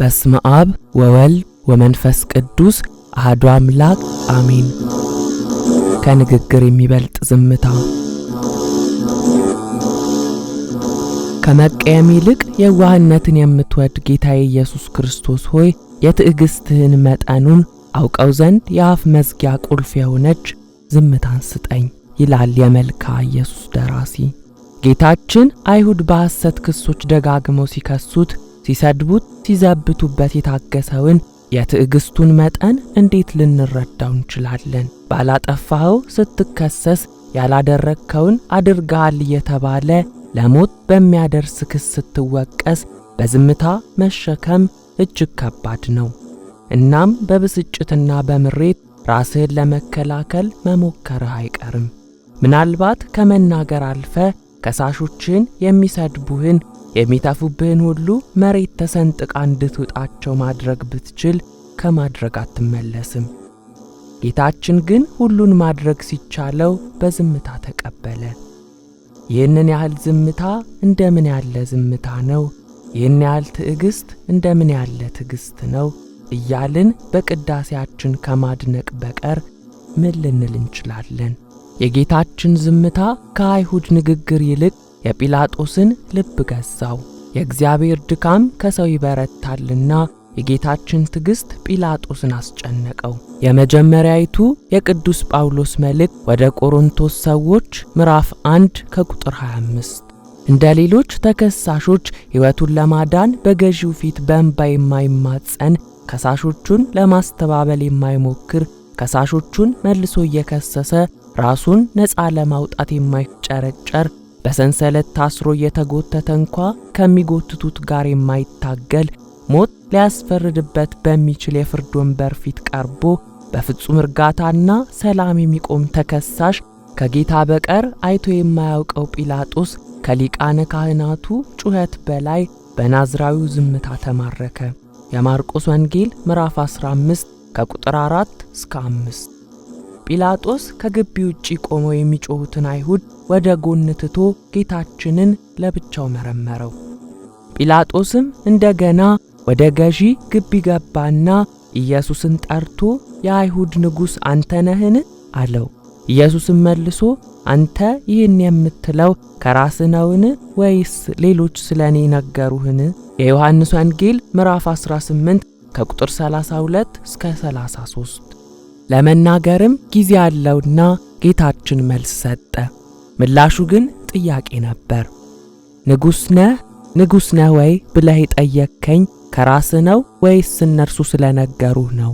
በስመ አብ ወወልድ ወመንፈስ ቅዱስ አሐዱ አምላክ አሜን። ከንግግር የሚበልጥ ዝምታ። ከመቀየም ይልቅ የዋህነትን የምትወድ ጌታዬ ኢየሱስ ክርስቶስ ሆይ የትዕግስትህን መጠኑን አውቀው ዘንድ የአፍ መዝጊያ ቁልፍ የሆነች ዝምታን ስጠኝ ይላል የመልካ ኢየሱስ ደራሲ። ጌታችን አይሁድ በሐሰት ክሶች ደጋግመው ሲከሱት ሲሰድቡት ሲዘብቱበት የታገሰውን የትዕግስቱን መጠን እንዴት ልንረዳው እንችላለን? ባላጠፋኸው ስትከሰስ ያላደረግከውን አድርገሃል እየተባለ ለሞት በሚያደርስ ክስ ስትወቀስ በዝምታ መሸከም እጅግ ከባድ ነው። እናም በብስጭትና በምሬት ራስህን ለመከላከል መሞከርህ አይቀርም። ምናልባት ከመናገር አልፈ ከሳሾችን የሚሰድቡህን የሚተፉብህን ሁሉ መሬት ተሰንጥቃ እንድትውጣቸው ማድረግ ብትችል ከማድረግ አትመለስም። ጌታችን ግን ሁሉን ማድረግ ሲቻለው በዝምታ ተቀበለ። ይህንን ያህል ዝምታ እንደምን ያለ ዝምታ ነው? ይህን ያህል ትዕግስት እንደምን ያለ ትዕግስት ነው? እያልን በቅዳሴያችን ከማድነቅ በቀር ምን ልንል እንችላለን? የጌታችን ዝምታ ከአይሁድ ንግግር ይልቅ የጲላጦስን ልብ ገዛው። የእግዚአብሔር ድካም ከሰው ይበረታልና የጌታችን ትዕግሥት ጲላጦስን አስጨነቀው። የመጀመሪያይቱ የቅዱስ ጳውሎስ መልእክት ወደ ቆሮንቶስ ሰዎች ምዕራፍ 1 ከቁጥር 25 እንደ ሌሎች ተከሳሾች ሕይወቱን ለማዳን በገዢው ፊት በእንባ የማይማጸን ከሳሾቹን ለማስተባበል የማይሞክር ከሳሾቹን መልሶ እየከሰሰ ራሱን ነፃ ለማውጣት የማይጨረጨር በሰንሰለት ታስሮ እየተጎተተ እንኳ ከሚጎትቱት ጋር የማይታገል ሞት ሊያስፈርድበት በሚችል የፍርድ ወንበር ፊት ቀርቦ በፍጹም እርጋታና ሰላም የሚቆም ተከሳሽ ከጌታ በቀር አይቶ የማያውቀው ጲላጦስ ከሊቃነ ካህናቱ ጩኸት በላይ በናዝራዊው ዝምታ ተማረከ። የማርቆስ ወንጌል ምዕራፍ 15 ከቁጥር 4 እስከ 5 ጲላጦስ ከግቢ ውጪ ቆመው የሚጮሁትን አይሁድ ወደ ጎን ትቶ ጌታችንን ለብቻው መረመረው። ጲላጦስም እንደገና ወደ ገዢ ግቢ ገባና ኢየሱስን ጠርቶ የአይሁድ ንጉሥ አንተ ነህን? አለው። ኢየሱስም መልሶ አንተ ይህን የምትለው ከራስ ነውን? ወይስ ሌሎች ስለ እኔ ነገሩህን? የዮሐንስ ወንጌል ምዕራፍ 18 ከቁጥር 32 እስከ 33 ለመናገርም ጊዜ አለውና ጌታችን መልስ ሰጠ። ምላሹ ግን ጥያቄ ነበር። ንጉሥ ነህ ንጉሥ ነህ ወይ ብለህ የጠየቅከኝ ከራስ ነው ወይስ እነርሱ ስለነገሩህ ነው?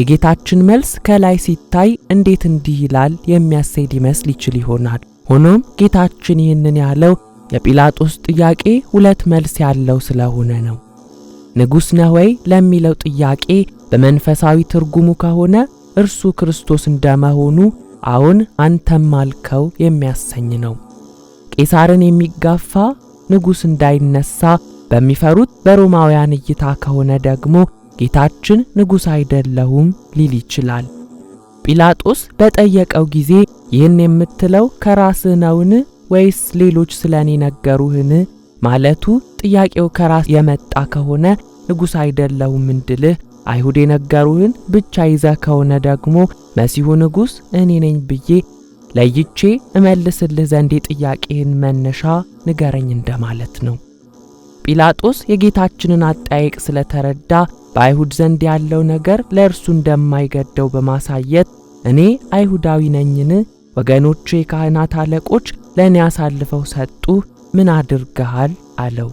የጌታችን መልስ ከላይ ሲታይ እንዴት እንዲህ ይላል የሚያሰይ ይመስል ይችል ይሆናል። ሆኖም ጌታችን ይህንን ያለው የጲላጦስ ጥያቄ ሁለት መልስ ያለው ስለሆነ ነው። ንጉሥ ነህ ወይ ለሚለው ጥያቄ በመንፈሳዊ ትርጉሙ ከሆነ እርሱ ክርስቶስ እንደመሆኑ አሁን አንተም አልከው የሚያሰኝ ነው። ቄሳርን የሚጋፋ ንጉሥ እንዳይነሳ በሚፈሩት በሮማውያን እይታ ከሆነ ደግሞ ጌታችን ንጉሥ አይደለሁም ሊል ይችላል። ጲላጦስ በጠየቀው ጊዜ ይህን የምትለው ከራስህ ነውን ወይስ ሌሎች ስለ እኔ ነገሩህን ማለቱ ጥያቄው ከራስ የመጣ ከሆነ ንጉሥ አይደለሁም እንድልህ አይሁድ የነገሩህን ብቻ ይዘ ከሆነ ደግሞ መሲሁ ንጉሥ እኔ ነኝ ብዬ ለይቼ እመልስልህ ዘንድ የጥያቄህን መነሻ ንገረኝ እንደማለት ነው። ጲላጦስ የጌታችንን አጠያየቅ ስለተረዳ በአይሁድ ዘንድ ያለው ነገር ለእርሱ እንደማይገደው በማሳየት እኔ አይሁዳዊ ነኝን? ወገኖቹ የካህናት አለቆች ለእኔ አሳልፈው ሰጡ፣ ምን አድርገሃል? አለው።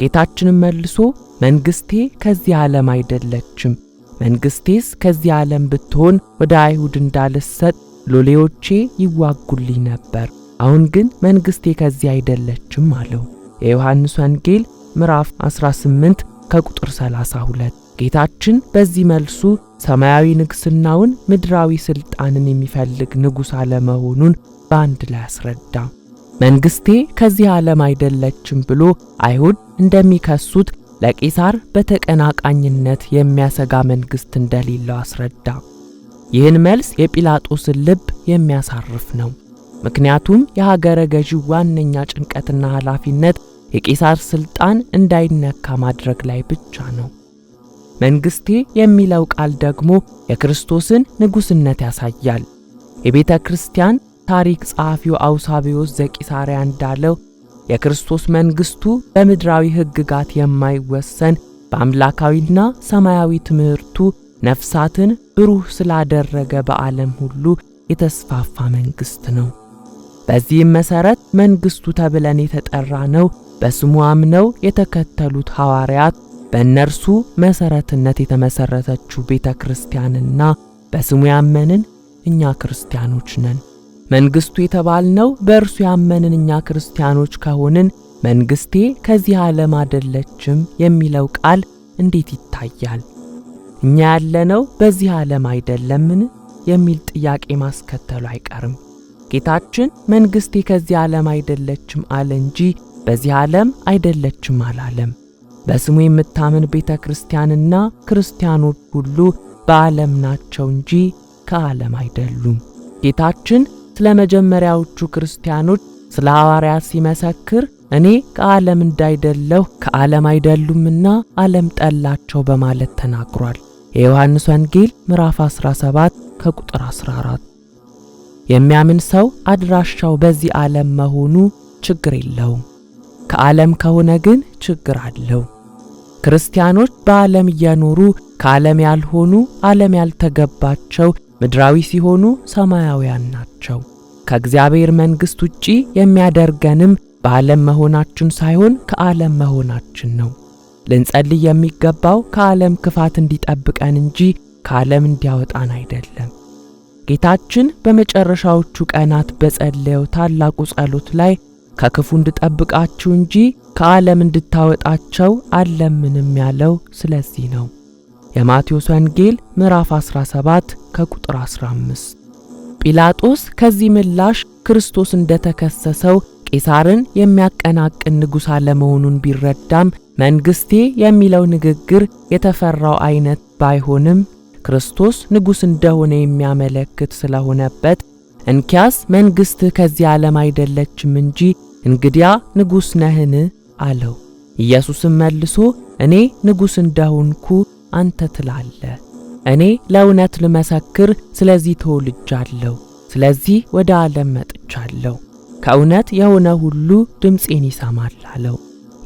ጌታችንም መልሶ መንግሥቴ ከዚህ ዓለም አይደለችም። መንግሥቴስ ከዚህ ዓለም ብትሆን ወደ አይሁድ እንዳልሰጥ ሎሌዎቼ ይዋጉልኝ ነበር። አሁን ግን መንግሥቴ ከዚህ አይደለችም አለው። የዮሐንስ ወንጌል ምዕራፍ 18 ከቁጥር 32። ጌታችን በዚህ መልሱ ሰማያዊ ንግሥናውን ምድራዊ ሥልጣንን የሚፈልግ ንጉሥ አለመሆኑን በአንድ ላይ አስረዳ። መንግሥቴ ከዚህ ዓለም አይደለችም ብሎ አይሁድ እንደሚከሱት ለቄሳር በተቀናቃኝነት የሚያሰጋ መንግሥት እንደሌለው አስረዳ። ይህን መልስ የጲላጦስን ልብ የሚያሳርፍ ነው። ምክንያቱም የሀገረ ገዢው ዋነኛ ጭንቀትና ኃላፊነት የቄሳር ሥልጣን እንዳይነካ ማድረግ ላይ ብቻ ነው። መንግሥቴ የሚለው ቃል ደግሞ የክርስቶስን ንጉሥነት ያሳያል። የቤተ ክርስቲያን ታሪክ ጸሐፊው አውሳቢዎስ ዘቂሳርያ እንዳለው የክርስቶስ መንግሥቱ በምድራዊ ሕግጋት የማይወሰን በአምላካዊና ሰማያዊ ትምህርቱ ነፍሳትን ብሩህ ስላደረገ በዓለም ሁሉ የተስፋፋ መንግሥት ነው። በዚህም መሠረት መንግሥቱ ተብለን የተጠራ ነው። በስሙ አምነው የተከተሉት ሐዋርያት በእነርሱ መሠረትነት የተመሠረተችው ቤተ ክርስቲያንና በስሙ ያመንን እኛ ክርስቲያኖች ነን። መንግስቱ የተባልነው በእርሱ ያመንን እኛ ክርስቲያኖች ከሆንን መንግስቴ ከዚህ ዓለም አይደለችም የሚለው ቃል እንዴት ይታያል? እኛ ያለነው በዚህ ዓለም አይደለምን የሚል ጥያቄ ማስከተሉ አይቀርም። ጌታችን መንግስቴ ከዚህ ዓለም አይደለችም አለ እንጂ በዚህ ዓለም አይደለችም አላለም። በስሙ የምታምን ቤተ ክርስቲያንና ክርስቲያኖች ሁሉ በዓለም ናቸው እንጂ ከዓለም አይደሉም። ጌታችን ስለ መጀመሪያዎቹ ክርስቲያኖች ስለ ሐዋርያ ሲመሰክር እኔ ከዓለም እንዳይደለሁ ከዓለም አይደሉምና ዓለም ጠላቸው በማለት ተናግሯል። የዮሐንስ ወንጌል ምዕራፍ 17 ከቁጥር 14። የሚያምን ሰው አድራሻው በዚህ ዓለም መሆኑ ችግር የለውም። ከዓለም ከሆነ ግን ችግር አለው። ክርስቲያኖች በዓለም እየኖሩ ከዓለም ያልሆኑ ዓለም ያልተገባቸው ምድራዊ ሲሆኑ ሰማያውያን ናቸው። ከእግዚአብሔር መንግሥት ውጪ የሚያደርገንም በዓለም መሆናችን ሳይሆን ከዓለም መሆናችን ነው። ልንጸልይ የሚገባው ከዓለም ክፋት እንዲጠብቀን እንጂ ከዓለም እንዲያወጣን አይደለም። ጌታችን በመጨረሻዎቹ ቀናት በጸለየው ታላቁ ጸሎት ላይ ከክፉ እንድጠብቃችሁ እንጂ ከዓለም እንድታወጣቸው አለምንም ያለው ስለዚህ ነው። የማቴዎስ ወንጌል ምዕራፍ 17 ከቁጥር 15 ጲላጦስ ከዚህ ምላሽ ክርስቶስ እንደተከሰሰው ቄሳርን የሚያቀናቅን ንጉሥ አለመሆኑን ቢረዳም መንግሥቴ የሚለው ንግግር የተፈራው አይነት ባይሆንም ክርስቶስ ንጉሥ እንደሆነ የሚያመለክት ስለሆነበት እንኪያስ መንግሥትህ ከዚህ ዓለም አይደለችም እንጂ እንግዲያ ንጉሥ ነህን አለው። ኢየሱስም መልሶ እኔ ንጉሥ እንደሆንኩ አንተ ትላለህ እኔ ለእውነት ልመሰክር፣ ስለዚህ ተወልጃለሁ፣ ስለዚህ ወደ ዓለም መጥቻለሁ፣ ከእውነት የሆነ ሁሉ ድምፄን ይሰማል አለው።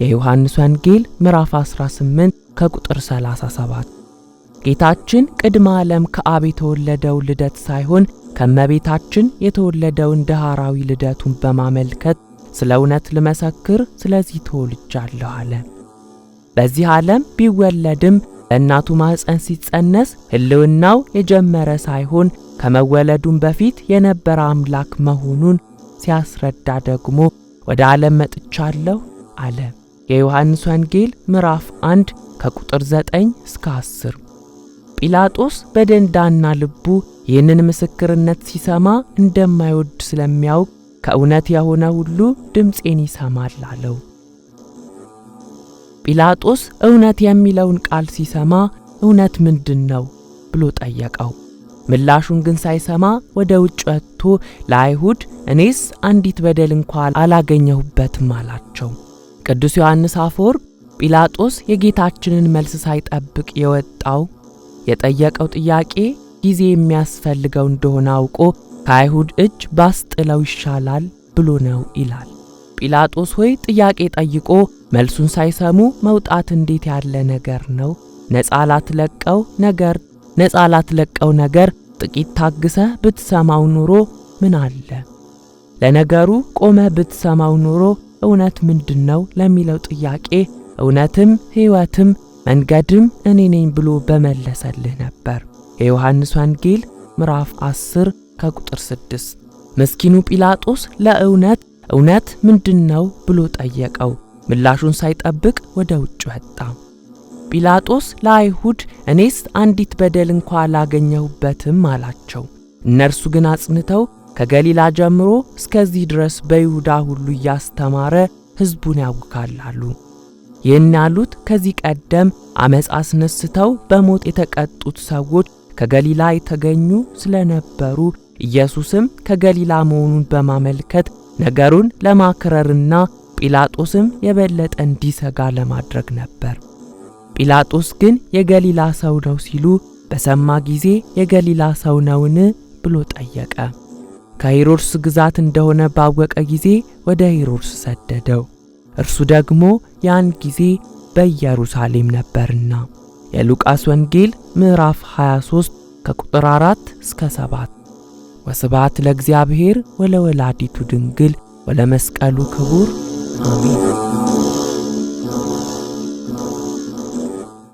የዮሐንስ ወንጌል ምዕራፍ 18 ከቁጥር 37። ጌታችን ቅድመ ዓለም ከአብ የተወለደው ልደት ሳይሆን ከእመቤታችን የተወለደውን ድኅራዊ ልደቱን በማመልከት ስለ እውነት ልመሰክር፣ ስለዚህ ተወልጃለሁ አለ። በዚህ ዓለም ቢወለድም በእናቱ ማህፀን ሲጸነስ ህልውናው የጀመረ ሳይሆን ከመወለዱም በፊት የነበረ አምላክ መሆኑን ሲያስረዳ ደግሞ ወደ ዓለም መጥቻለሁ አለ። የዮሐንስ ወንጌል ምዕራፍ 1 ከቁጥር 9 እስከ 10። ጲላጦስ በደንዳና ልቡ ይህንን ምስክርነት ሲሰማ እንደማይወድ ስለሚያውቅ ከእውነት የሆነ ሁሉ ድምፄን ይሰማል አለው። ጲላጦስ እውነት የሚለውን ቃል ሲሰማ እውነት ምንድን ነው ብሎ ጠየቀው። ምላሹን ግን ሳይሰማ ወደ ውጭ ወጥቶ ለአይሁድ እኔስ አንዲት በደል እንኳ አላገኘሁበትም አላቸው። ቅዱስ ዮሐንስ አፈወርቅ ጲላጦስ የጌታችንን መልስ ሳይጠብቅ የወጣው የጠየቀው ጥያቄ ጊዜ የሚያስፈልገው እንደሆነ አውቆ ከአይሁድ እጅ ባስጥለው ይሻላል ብሎ ነው ይላል። ጲላጦስ ሆይ ጥያቄ ጠይቆ መልሱን ሳይሰሙ መውጣት እንዴት ያለ ነገር ነው? ነፃ ላትለቀው ነገር ነፃ ላትለቀው ነገር ጥቂት ታግሰ ብትሰማው ኑሮ ምን አለ? ለነገሩ ቆመ ብትሰማው ኑሮ እውነት ምንድነው ለሚለው ጥያቄ እውነትም ሕይወትም መንገድም እኔ ነኝ ብሎ በመለሰልህ ነበር። የዮሐንስ ወንጌል ምዕራፍ 10 ከቁጥር 6 ምስኪኑ ጲላጦስ ለእውነት እውነት ምንድነው ብሎ ጠየቀው። ምላሹን ሳይጠብቅ ወደ ውጭ ወጣ። ጲላጦስ ለአይሁድ እኔስ አንዲት በደል እንኳ አላገኘሁበትም አላቸው። እነርሱ ግን አጽንተው ከገሊላ ጀምሮ እስከዚህ ድረስ በይሁዳ ሁሉ እያስተማረ ሕዝቡን ያውካላሉ። ይህን ያሉት ከዚህ ቀደም አመፅ አስነስተው በሞት የተቀጡት ሰዎች ከገሊላ የተገኙ ስለነበሩ ኢየሱስም ከገሊላ መሆኑን በማመልከት ነገሩን ለማክረርና ጲላጦስም የበለጠ እንዲሰጋ ለማድረግ ነበር። ጲላጦስ ግን የገሊላ ሰው ነው ሲሉ በሰማ ጊዜ የገሊላ ሰው ነውን ብሎ ጠየቀ። ከሄሮድስ ግዛት እንደሆነ ባወቀ ጊዜ ወደ ሄሮድስ ሰደደው። እርሱ ደግሞ ያን ጊዜ በኢየሩሳሌም ነበርና። የሉቃስ ወንጌል ምዕራፍ 23 ከቁጥር 4 እስከ 7። ወስብሐት ለእግዚአብሔር ወለወላዲቱ ድንግል ወለመስቀሉ ክቡር Amen.